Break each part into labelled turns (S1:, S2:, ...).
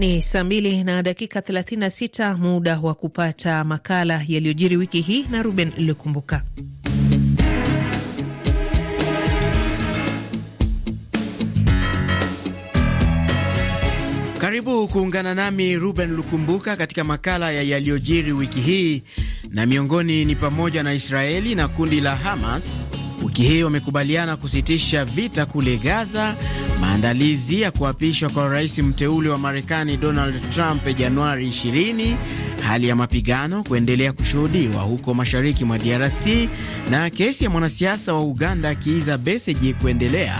S1: Ni saa mbili na dakika 36, muda wa kupata makala yaliyojiri wiki hii na Ruben Lukumbuka.
S2: Karibu kuungana nami Ruben Lukumbuka katika makala ya yaliyojiri wiki hii, na miongoni ni pamoja na Israeli na kundi la Hamas wiki hii wamekubaliana kusitisha vita kule Gaza, maandalizi ya kuapishwa kwa rais mteule wa Marekani Donald Trump Januari 20, hali ya mapigano kuendelea kushuhudiwa huko mashariki mwa DRC na kesi ya mwanasiasa wa Uganda akiiza Besigye kuendelea.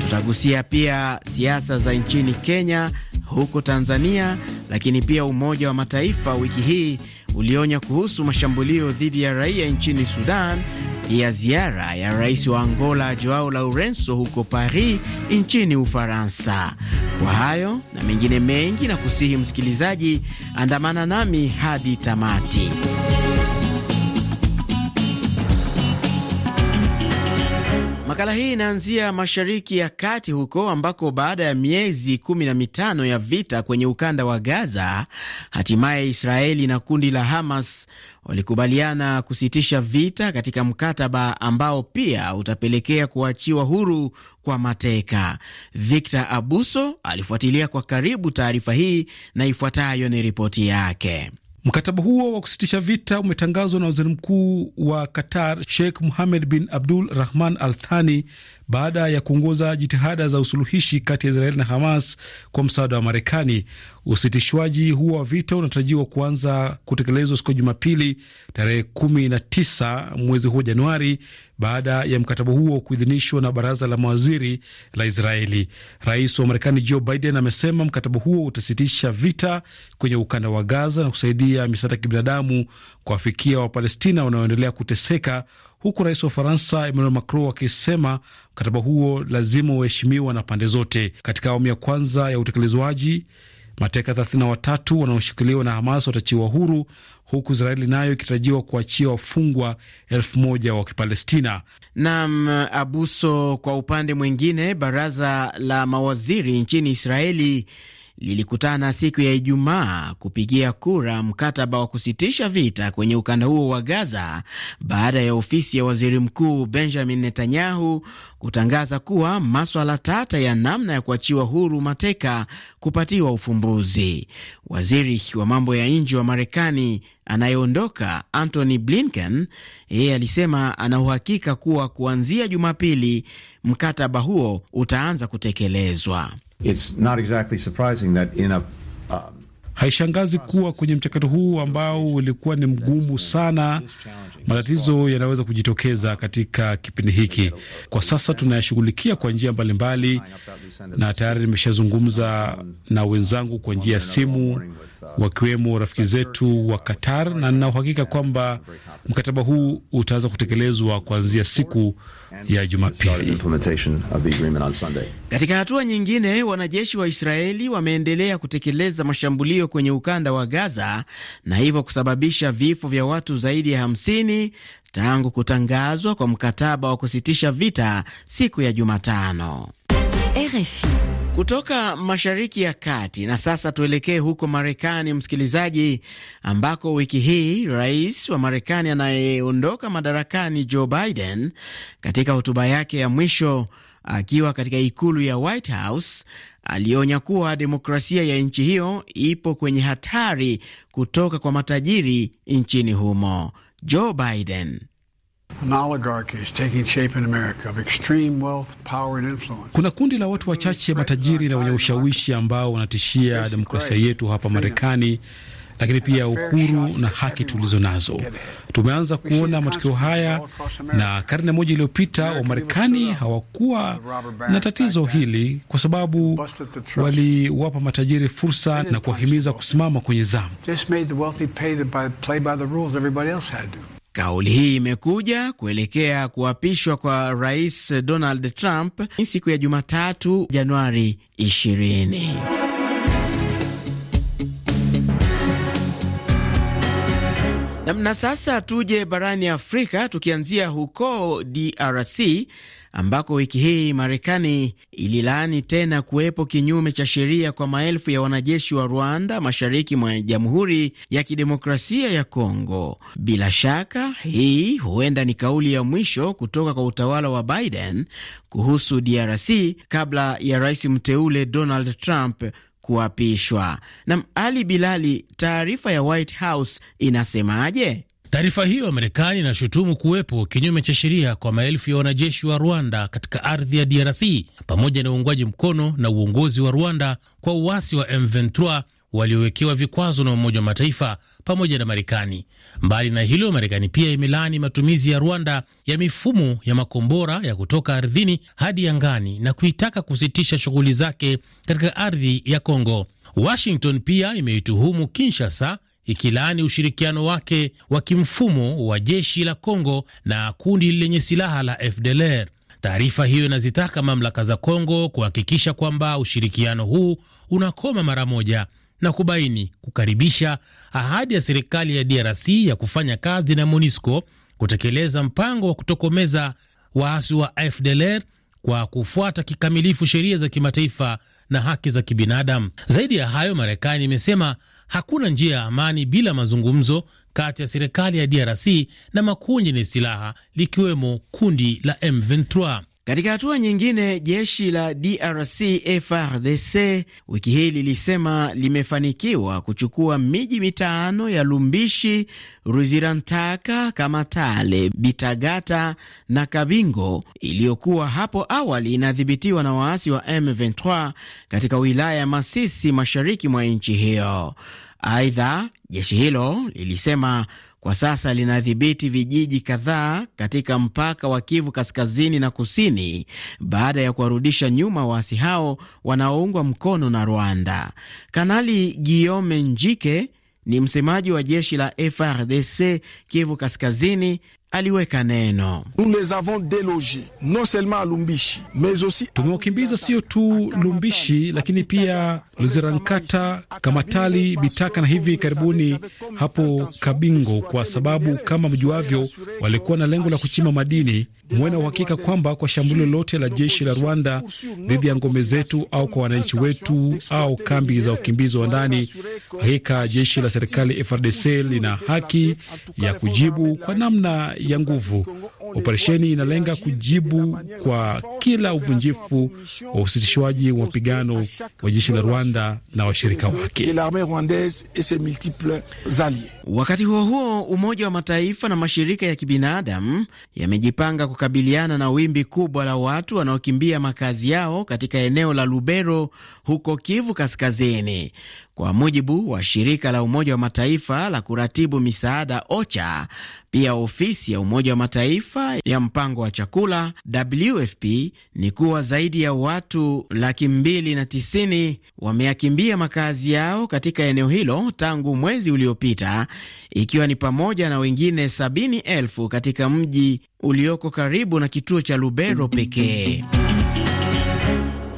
S2: Tutagusia pia siasa za nchini Kenya, huko Tanzania, lakini pia Umoja wa Mataifa wiki hii ulionya kuhusu mashambulio dhidi ya raia nchini Sudan ya ziara ya rais wa Angola Joao Lourenco huko Paris nchini Ufaransa. Kwa hayo na mengine mengi, na kusihi msikilizaji, andamana nami hadi tamati. Makala hii inaanzia Mashariki ya Kati huko ambako baada ya miezi kumi na mitano ya vita kwenye ukanda wa Gaza, hatimaye Israeli na kundi la Hamas walikubaliana kusitisha vita katika mkataba ambao pia utapelekea kuachiwa huru kwa mateka. Victor Abuso alifuatilia kwa karibu taarifa hii na ifuatayo ni ripoti yake. Mkataba huo wa kusitisha
S3: vita umetangazwa na waziri mkuu wa Qatar Sheikh muhamed bin Abdul Rahman Al Thani baada ya kuongoza jitihada za usuluhishi kati ya Israeli na Hamas kwa msaada wa Marekani. Usitishwaji huo wa vita unatarajiwa kuanza kutekelezwa siku ya Jumapili tarehe tisa mwezi huu Januari, baada ya mkataba huo kuidhinishwa na baraza la mawaziri la Israeli. Rais wa Marekani Joe Biden amesema mkataba huo utasitisha vita kwenye ukanda wa Gaza na kusaidia misaada ya kibinadamu kuwafikia Wapalestina wanaoendelea kuteseka, huku rais wa Ufaransa Emmanuel Macron akisema mkataba huo lazima uheshimiwa na pande zote. Katika awamu ya kwanza ya utekelezwaji, mateka 33 wanaoshikiliwa na Hamas watachiwa huru, huku
S2: Israeli nayo ikitarajiwa kuachia wafungwa elfu moja wa Kipalestina. Nam Abuso. Kwa upande mwingine, baraza la mawaziri nchini Israeli lilikutana siku ya Ijumaa kupigia kura mkataba wa kusitisha vita kwenye ukanda huo wa Gaza baada ya ofisi ya waziri mkuu Benjamin Netanyahu kutangaza kuwa maswala tata ya namna ya kuachiwa huru mateka kupatiwa ufumbuzi. Waziri wa mambo ya nje wa Marekani anayeondoka Antony Blinken yeye alisema ana uhakika kuwa kuanzia Jumapili mkataba huo utaanza kutekelezwa. It's not exactly
S3: surprising that in a um, Haishangazi kuwa kwenye mchakato huu ambao ulikuwa ni mgumu sana, matatizo yanaweza kujitokeza katika kipindi hiki. Kwa sasa tunayashughulikia kwa njia mbalimbali, na tayari nimeshazungumza na wenzangu kwa njia ya simu wakiwemo rafiki zetu wa Qatar, na nina uhakika kwamba mkataba huu utaweza kutekelezwa kuanzia siku ya Jumapili.
S2: Katika hatua nyingine, wanajeshi wa Israeli wameendelea kutekeleza mashambulio kwenye ukanda wa Gaza na hivyo kusababisha vifo vya watu zaidi ya 50 tangu kutangazwa kwa mkataba wa kusitisha vita siku ya Jumatano. RFI kutoka Mashariki ya Kati. Na sasa tuelekee huko Marekani, msikilizaji, ambako wiki hii rais wa Marekani anayeondoka madarakani Joe Biden, katika hotuba yake ya mwisho akiwa katika ikulu ya White House alionya kuwa demokrasia ya nchi hiyo ipo kwenye hatari kutoka kwa matajiri nchini humo. Joe Biden kuna kundi la watu wachache matajiri na wenye ushawishi ambao
S3: wanatishia demokrasia yetu hapa Marekani, lakini pia uhuru na haki tulizo nazo. Tumeanza kuona matokeo haya, na karne moja iliyopita Wamarekani hawakuwa na tatizo hili, kwa sababu waliwapa matajiri fursa na kuwahimiza kusimama kwenye zamu.
S2: Kauli hii imekuja kuelekea kuapishwa kwa Rais Donald Trump siku ya Jumatatu, Januari 20. Na sasa tuje barani Afrika, tukianzia huko DRC ambako wiki hii Marekani ililaani tena kuwepo kinyume cha sheria kwa maelfu ya wanajeshi wa Rwanda mashariki mwa Jamhuri ya Kidemokrasia ya Kongo. Bila shaka, hii huenda ni kauli ya mwisho kutoka kwa utawala wa Biden kuhusu DRC kabla ya rais mteule Donald Trump kuapishwa. Na Ali Bilali, taarifa ya White House inasemaje?
S4: Taarifa hiyo ya Marekani inashutumu kuwepo kinyume cha sheria kwa maelfu ya wanajeshi wa Rwanda katika ardhi ya DRC pamoja na uungwaji mkono na uongozi wa Rwanda kwa uasi wa M23 waliowekewa vikwazo na Umoja wa Mataifa pamoja na Marekani. Mbali na hilo, Marekani pia imelaani matumizi ya Rwanda ya mifumo ya makombora ya kutoka ardhini hadi angani na kuitaka kusitisha shughuli zake katika ardhi ya Kongo. Washington pia imeituhumu Kinshasa ikilaani ushirikiano wake wa kimfumo wa jeshi la Kongo na kundi lenye silaha la FDLR. Taarifa hiyo inazitaka mamlaka za Kongo kuhakikisha kwamba ushirikiano huu unakoma mara moja na kubaini kukaribisha ahadi ya serikali ya DRC ya kufanya kazi na MONUSCO kutekeleza mpango wa kutokomeza waasi wa FDLR kwa kufuata kikamilifu sheria za kimataifa na haki za kibinadamu. Zaidi ya hayo, Marekani imesema hakuna njia ya amani bila mazungumzo kati ya serikali ya DRC na makundi yenye silaha likiwemo kundi la M23. Katika hatua nyingine, jeshi la DRC frdc wiki hii
S2: lilisema limefanikiwa kuchukua miji mitano ya Lumbishi, Ruzirantaka, Kamatale, Bitagata na Kabingo iliyokuwa hapo awali inadhibitiwa na waasi wa M23 katika wilaya ya Masisi, mashariki mwa nchi hiyo. Aidha, jeshi hilo lilisema kwa sasa linadhibiti vijiji kadhaa katika mpaka wa Kivu kaskazini na kusini baada ya kuwarudisha nyuma waasi hao wanaoungwa mkono na Rwanda. Kanali Guillaume Njike ni msemaji wa jeshi la frdc Kivu kaskazini aliweka neno,
S3: tumewakimbiza sio tu Lumbishi lakini pia Luzirankata, Kamatali, Bitaka na hivi karibuni hapo Kabingo, kwa sababu kama mjuavyo, walikuwa na lengo la kuchimba madini muwe na uhakika kwamba kwa shambulio lolote la jeshi la Rwanda dhidi ya ngome zetu au kwa wananchi wetu au kambi za wakimbizi wa ndani, hakika jeshi la serikali FRDC lina haki ya kujibu kwa namna ya nguvu. Operesheni inalenga kujibu kwa kila uvunjifu wa usitishwaji wa mapigano wa jeshi la Rwanda na
S2: washirika wake. Wakati huo huo, Umoja wa Mataifa na mashirika ya kibinadamu yamejipanga kukabiliana na wimbi kubwa la watu wanaokimbia makazi yao katika eneo la Lubero huko Kivu Kaskazini. Kwa mujibu wa shirika la Umoja wa Mataifa la kuratibu misaada OCHA, pia ofisi ya Umoja wa Mataifa ya mpango wa chakula WFP, ni kuwa zaidi ya watu laki mbili na tisini wameyakimbia makazi yao katika eneo hilo tangu mwezi uliopita, ikiwa ni pamoja na wengine sabini elfu katika mji ulioko karibu na kituo cha Lubero pekee.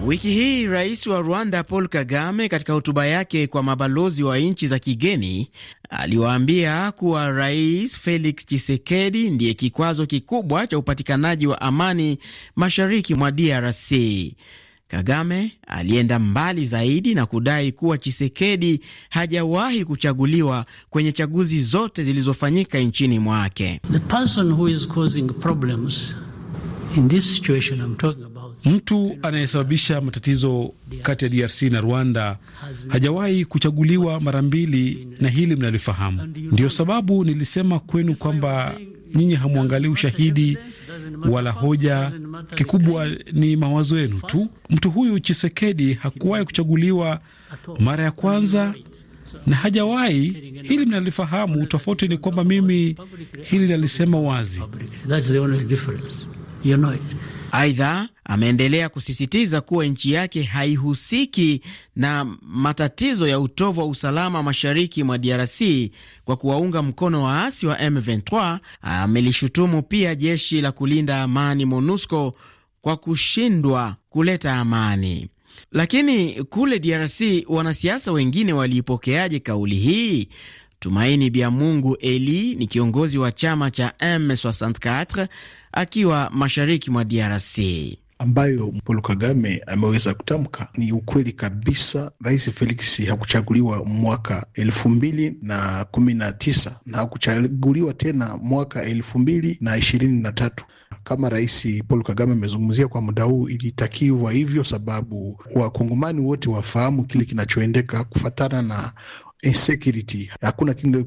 S2: Wiki hii rais wa Rwanda Paul Kagame katika hotuba yake kwa mabalozi wa nchi za kigeni aliwaambia kuwa Rais Felix Tshisekedi ndiye kikwazo kikubwa cha upatikanaji wa amani mashariki mwa DRC. Kagame alienda mbali zaidi na kudai kuwa Chisekedi hajawahi kuchaguliwa kwenye chaguzi zote zilizofanyika nchini mwake.
S4: Mtu
S3: anayesababisha matatizo kati ya DRC na Rwanda hajawahi kuchaguliwa mara mbili, na hili mnalifahamu. Ndiyo sababu nilisema kwenu kwamba nyinyi hamwangalii ushahidi wala hoja, kikubwa ni mawazo yenu tu. Mtu huyu Chisekedi hakuwahi kuchaguliwa mara ya kwanza na hajawahi. Hili mnalifahamu. Tofauti ni kwamba
S2: mimi hili nalisema wazi.
S4: That's the only difference.
S2: You know it. Aidha, ameendelea kusisitiza kuwa nchi yake haihusiki na matatizo ya utovu wa usalama mashariki mwa DRC kwa kuwaunga mkono waasi wa M23. Amelishutumu pia jeshi la kulinda amani MONUSCO kwa kushindwa kuleta amani. Lakini kule DRC wanasiasa wengine waliipokeaje kauli hii? Tumaini mungu Eli ni kiongozi wa chama cha M64 akiwa mashariki mwa DRC ambayo
S3: Paul Kagame ameweza kutamka ni ukweli kabisa. Rais Felix hakuchaguliwa mwaka elfu mbili na kumi na tisa na hakuchaguliwa tena mwaka elfu mbili na ishirini na tatu kama Rais Paul Kagame amezungumzia kwa muda huu, ilitakiwa hivyo, sababu wakongomani wote wafahamu kile kinachoendeka kufatana na insecurity. Hakuna kile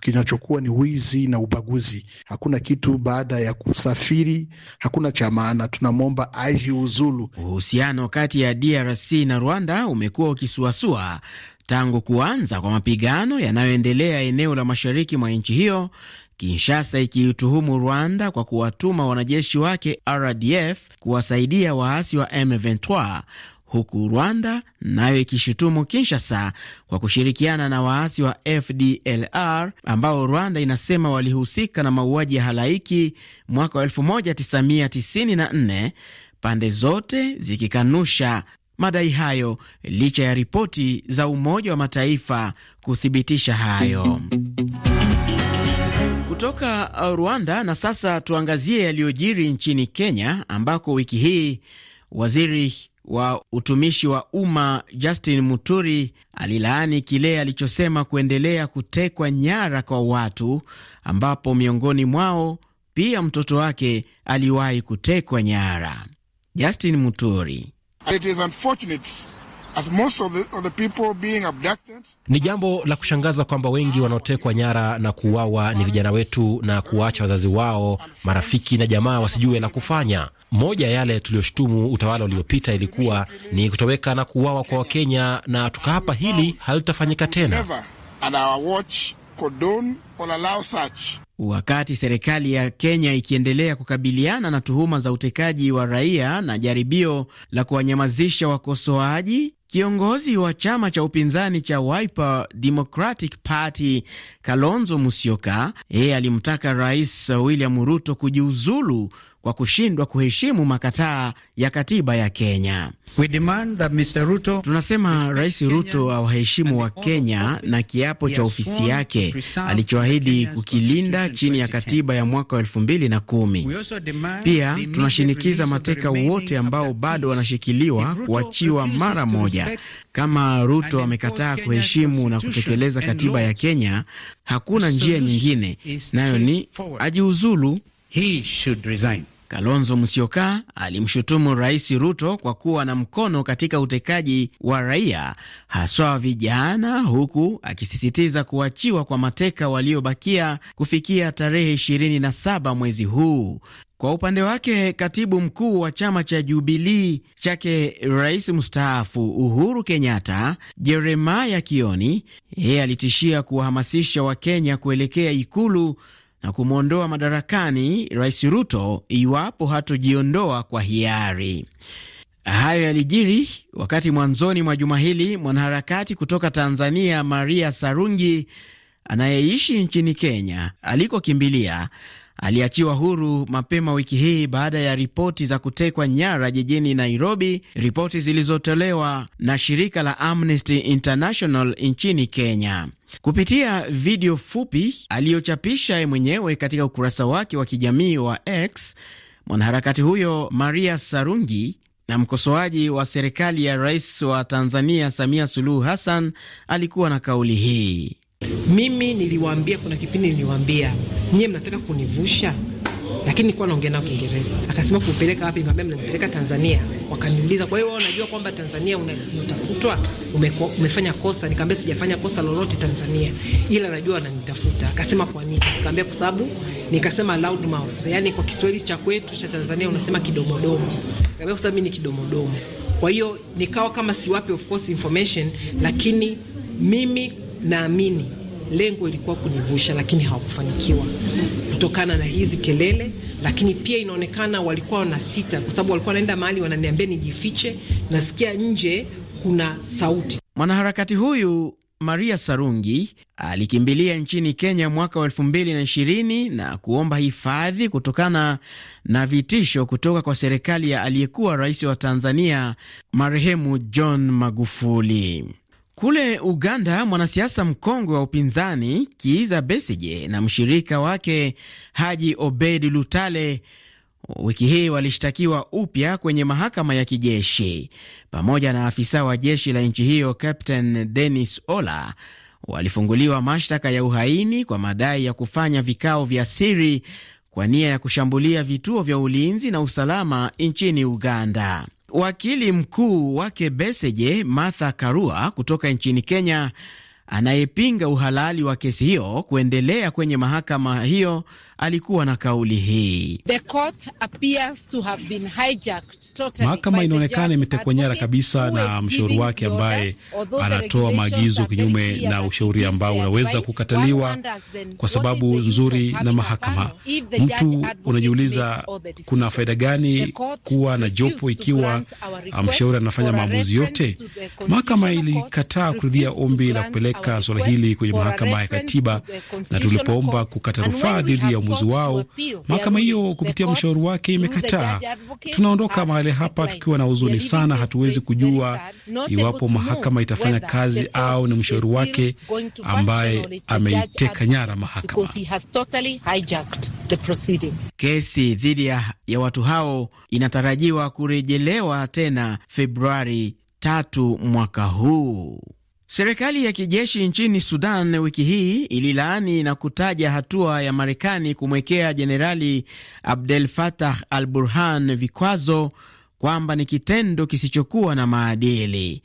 S3: kinachokuwa ni wizi na ubaguzi, hakuna kitu baada ya kusafiri, hakuna cha maana.
S2: Tunamwomba uzulu Uhusiano kati ya DRC na Rwanda umekuwa ukisuasua tangu kuanza kwa mapigano yanayoendelea eneo la mashariki mwa nchi hiyo Kinshasa ikiituhumu Rwanda kwa kuwatuma wanajeshi wake RDF kuwasaidia waasi wa M23 huku Rwanda nayo ikishutumu Kinshasa kwa kushirikiana na waasi wa FDLR ambao Rwanda inasema walihusika na mauaji ya halaiki mwaka 1994, pande zote zikikanusha madai hayo licha ya ripoti za Umoja wa Mataifa kuthibitisha hayo kutoka uh, Rwanda. Na sasa tuangazie yaliyojiri nchini Kenya, ambako wiki hii waziri wa utumishi wa umma Justin Muturi alilaani kile alichosema kuendelea kutekwa nyara kwa watu, ambapo miongoni mwao pia mtoto wake aliwahi kutekwa nyara.
S4: Justin Muturi: It is unfortunate as most of the, of the people being abducted. Ni jambo la kushangaza kwamba wengi wanaotekwa nyara na kuuawa ni vijana wetu na kuwaacha wazazi wao, marafiki na jamaa wasijue la kufanya. Moja ya yale tuliyoshutumu utawala uliopita ilikuwa ni kutoweka na kuuawa kwa Wakenya, na tukaapa hili halitafanyika tena.
S2: Wakati serikali ya Kenya ikiendelea kukabiliana na tuhuma za utekaji wa raia na jaribio la kuwanyamazisha wakosoaji, Kiongozi wa chama cha upinzani cha Wiper Democratic Party Kalonzo Musyoka, yeye alimtaka Rais William Ruto kujiuzulu kwa kushindwa kuheshimu makataa ya katiba ya Kenya. We demand that Mr. Ruto, tunasema Rais Ruto awaheshimu wa Kenya na kiapo cha ofisi yake alichoahidi kukilinda chini ya katiba ya mwaka wa elfu mbili na kumi. Pia tunashinikiza mateka wote ambao bado wanashikiliwa kuachiwa mara moja. Kama Ruto amekataa kuheshimu na kutekeleza katiba ya Kenya, hakuna njia nyingine, nayo ni ajiuzulu he should resign. Kalonzo Musyoka alimshutumu Rais Ruto kwa kuwa na mkono katika utekaji wa raia haswa vijana, huku akisisitiza kuachiwa kwa mateka waliobakia kufikia tarehe 27 mwezi huu. Kwa upande wake katibu mkuu wa chama cha Jubilii chake rais mstaafu Uhuru Kenyatta, Jeremaya Kioni, yeye alitishia kuwahamasisha Wakenya kuelekea Ikulu na kumwondoa madarakani Rais Ruto iwapo hatojiondoa kwa hiari. Hayo yalijiri wakati mwanzoni mwa juma hili mwanaharakati kutoka Tanzania Maria Sarungi anayeishi nchini Kenya alikokimbilia aliachiwa huru mapema wiki hii baada ya ripoti za kutekwa nyara jijini Nairobi, ripoti zilizotolewa na shirika la Amnesty International nchini Kenya. Kupitia video fupi aliyochapisha mwenyewe katika ukurasa wake wa kijamii wa X, mwanaharakati huyo Maria Sarungi na mkosoaji wa serikali ya rais wa Tanzania Samia Suluhu Hassan alikuwa na kauli hii: mimi niliwaambia, kuna kipindi niliwaambia, nyiye mnataka kunivusha lakini nilikuwa naongea nao Kiingereza. Akasema kupeleka wapi? Nikamwambia
S1: mnampeleka Tanzania. Wakaniuliza, kwa hiyo unajua kwamba Tanzania unatafutwa, ume, umefanya kosa? Nikamwambia sijafanya kosa lolote Tanzania, ila najua wananitafuta. Akasema kwa nini? Nikamwambia
S2: kwa sababu, nikasema loud mouth, yani kwa Kiswahili cha kwetu cha Tanzania unasema kidomodomo. Nikamwambia kwa sababu mimi ni kidomodomo. Kwa hiyo nikawa kama siwapi of course information, lakini mimi naamini lengo ilikuwa kunivusha, lakini hawakufanikiwa kutokana na hizi kelele lakini pia inaonekana walikuwa wana sita, kwa sababu walikuwa wanaenda mahali wananiambia nijifiche, nasikia nje kuna sauti. Mwanaharakati huyu Maria Sarungi alikimbilia nchini Kenya mwaka wa elfu mbili na ishirini na kuomba hifadhi kutokana na vitisho kutoka kwa serikali ya aliyekuwa rais wa Tanzania marehemu John Magufuli. Kule Uganda, mwanasiasa mkongwe wa upinzani Kiiza Besije na mshirika wake Haji Obed Lutale wiki hii walishtakiwa upya kwenye mahakama ya kijeshi. Pamoja na afisa wa jeshi la nchi hiyo Captain Dennis Ola, walifunguliwa mashtaka ya uhaini kwa madai ya kufanya vikao vya siri kwa nia ya kushambulia vituo vya ulinzi na usalama nchini Uganda. Wakili mkuu wake beseje Martha Karua kutoka nchini Kenya, anayepinga uhalali wa kesi hiyo kuendelea kwenye mahakama hiyo alikuwa na kauli hii:
S3: mahakama inaonekana imetekwa nyara
S2: kabisa na mshauri wake ambaye
S3: anatoa maagizo kinyume na ushauri ambao unaweza kukataliwa kwa sababu nzuri na mahakama. Mtu unajiuliza kuna faida gani kuwa na jopo ikiwa mshauri anafanya maamuzi yote? Mahakama ilikataa kuridhia ombi la kupeleka suala hili kwenye mahakama ya katiba, na tulipoomba kukata rufaa dhidi ya uamuzi wao. Mahakama hiyo kupitia mshauri wake imekataa. Tunaondoka mahali hapa tukiwa na huzuni sana. Hatuwezi kujua iwapo mahakama itafanya kazi au ni mshauri wake ambaye ameiteka nyara
S2: mahakama. Kesi dhidi ya watu hao inatarajiwa kurejelewa tena Februari tatu mwaka huu. Serikali ya kijeshi nchini Sudan wiki hii ililaani na kutaja hatua ya Marekani kumwekea Jenerali Abdel Fattah al Burhan vikwazo kwamba ni kitendo kisichokuwa na maadili.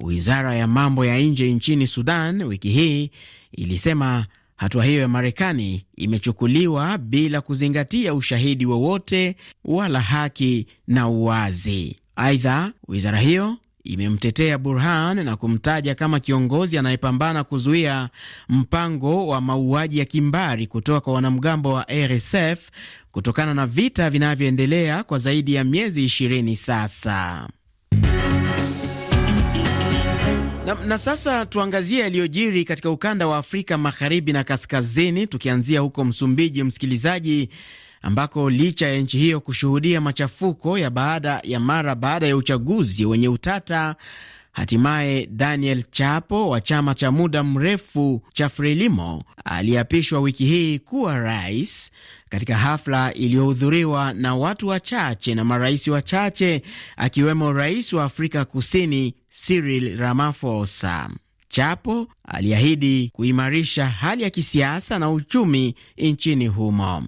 S2: Wizara ya mambo ya nje nchini Sudan wiki hii ilisema hatua hiyo ya Marekani imechukuliwa bila kuzingatia ushahidi wowote wa wala haki na uwazi. Aidha, wizara hiyo imemtetea Burhan na kumtaja kama kiongozi anayepambana kuzuia mpango wa mauaji ya kimbari kutoka kwa wanamgambo wa RSF kutokana na vita vinavyoendelea kwa zaidi ya miezi 20 sasa. Na, na sasa tuangazie yaliyojiri katika ukanda wa Afrika Magharibi na Kaskazini, tukianzia huko Msumbiji, msikilizaji, ambako licha ya nchi hiyo kushuhudia machafuko ya baada ya mara baada ya uchaguzi wenye utata, hatimaye Daniel Chapo wa chama cha muda mrefu cha Frelimo aliapishwa wiki hii kuwa rais katika hafla iliyohudhuriwa na watu wachache na marais wachache akiwemo rais wa Afrika Kusini Cyril Ramaphosa. Chapo aliahidi kuimarisha hali ya kisiasa na uchumi nchini humo.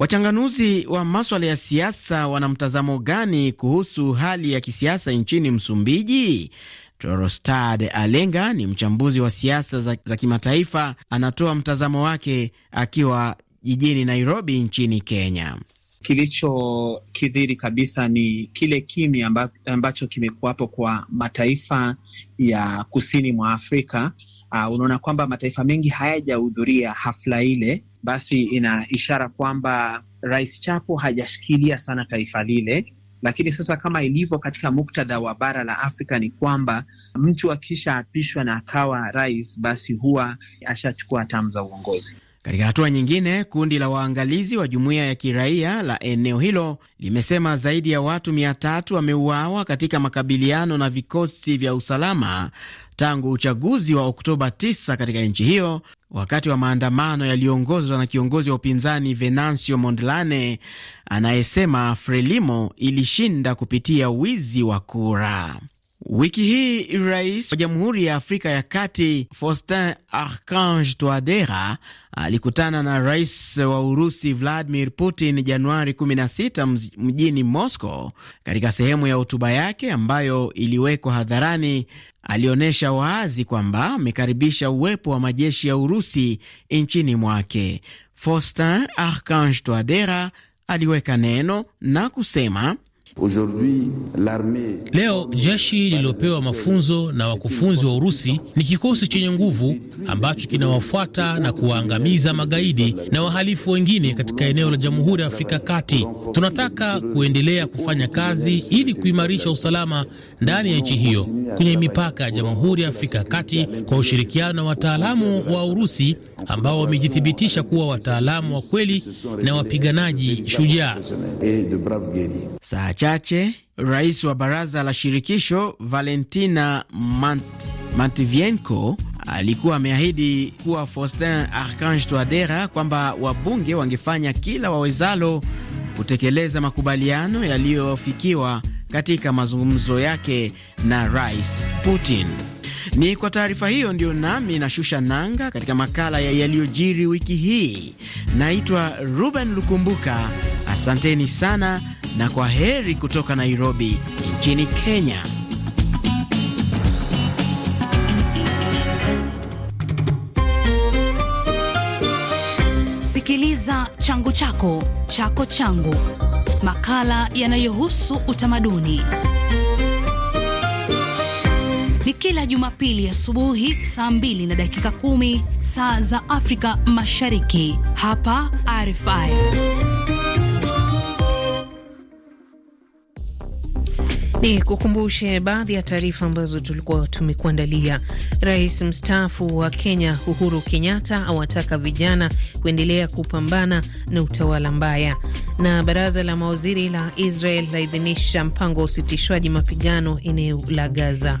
S2: Wachanganuzi wa maswala ya siasa wana mtazamo gani kuhusu hali ya kisiasa nchini Msumbiji? Torostad Alenga ni mchambuzi wa siasa za, za kimataifa. Anatoa mtazamo wake akiwa jijini Nairobi nchini Kenya. Kilichokidhiri kabisa ni kile kimi amba, ambacho kimekuwapo kwa mataifa ya kusini mwa Afrika. Uh, unaona kwamba mataifa mengi hayajahudhuria hafla ile basi ina ishara kwamba Rais Chapo hajashikilia sana taifa lile. Lakini sasa kama ilivyo katika muktadha wa bara la Afrika ni kwamba mtu akishaapishwa na akawa rais, basi huwa ashachukua hatamu za uongozi. Katika hatua nyingine, kundi la waangalizi wa jumuiya ya kiraia la eneo hilo limesema zaidi ya watu mia tatu wameuawa katika makabiliano na vikosi vya usalama tangu uchaguzi wa Oktoba 9 katika nchi hiyo wakati wa maandamano yaliyoongozwa na kiongozi wa upinzani Venancio Mondlane anayesema Frelimo ilishinda kupitia wizi wa kura. Wiki hii rais wa Jamhuri ya Afrika ya Kati Faustin Archange Touadera alikutana na rais wa Urusi Vladimir Putin Januari 16 mjini Moscow. Katika sehemu ya hotuba yake ambayo iliwekwa hadharani, alionyesha wazi kwamba amekaribisha uwepo wa majeshi ya Urusi nchini mwake. Faustin Archange Touadera aliweka neno na kusema
S4: Leo jeshi lililopewa mafunzo na wakufunzi wa Urusi ni kikosi chenye nguvu ambacho kinawafuata na kuwaangamiza magaidi na wahalifu wengine katika eneo la Jamhuri ya Afrika ya Kati. Tunataka kuendelea kufanya kazi ili kuimarisha usalama ndani ya nchi hiyo kwenye mipaka ya Jamhuri ya Afrika ya Kati kwa ushirikiano na wataalamu wa Urusi ambao wamejithibitisha kuwa wataalamu wa kweli na wapiganaji shujaa
S2: chache rais wa baraza la shirikisho Valentina Mant Mantivienko alikuwa ameahidi kuwa Faustin Archange Touadera kwamba wabunge wangefanya kila wawezalo kutekeleza makubaliano yaliyofikiwa katika mazungumzo yake na Rais Putin. Ni kwa taarifa hiyo ndio nami nashusha nanga katika makala ya yaliyojiri wiki hii. Naitwa Ruben Lukumbuka, asanteni sana na kwa heri kutoka Nairobi nchini Kenya.
S1: Sikiliza changu chako chako changu, makala yanayohusu utamaduni ni kila Jumapili asubuhi saa 2 na dakika kumi saa za Afrika Mashariki, hapa RFI. Ni kukumbushe baadhi ya taarifa ambazo tulikuwa tumekuandalia. Rais mstaafu wa Kenya Uhuru Kenyatta awataka vijana kuendelea kupambana na utawala mbaya, na baraza la mawaziri la Israel laidhinisha mpango wa usitishwaji mapigano eneo la Gaza.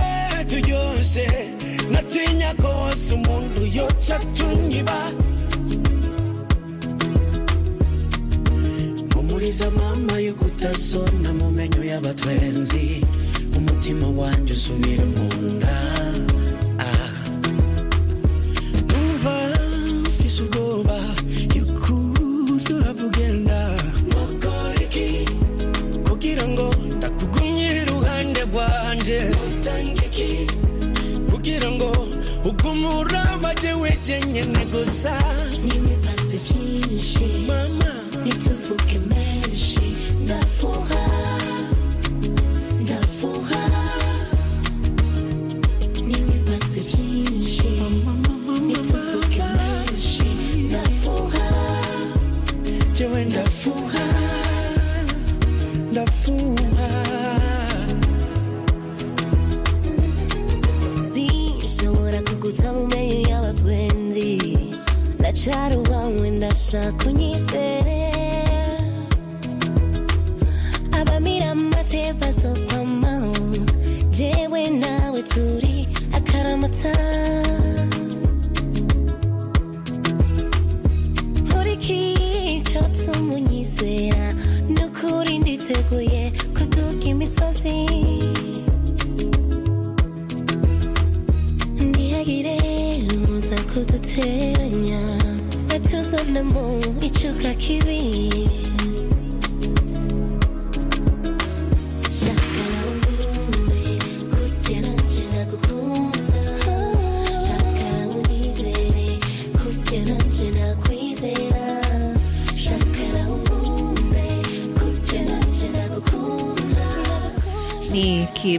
S4: natinya kose umuntu yoca tunyiba mpumuriza
S2: mama y'ukudasona mu menyo y'abatwenzi umutima wanjye usubire mu nda kiwe chenye nagusa
S1: nimepasa Charo wangu ndasa kunyise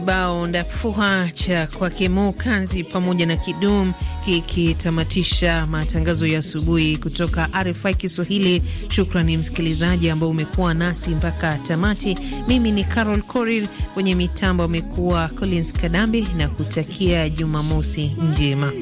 S1: kibao ndafuha cha kwake Mo Kanzi pamoja na Kidum kikitamatisha matangazo ya asubuhi kutoka RFI Kiswahili. Shukrani msikilizaji ambao umekuwa nasi mpaka tamati. Mimi ni Carol Coril, kwenye mitambo amekuwa Collins Kadambi na kutakia Jumamosi njema.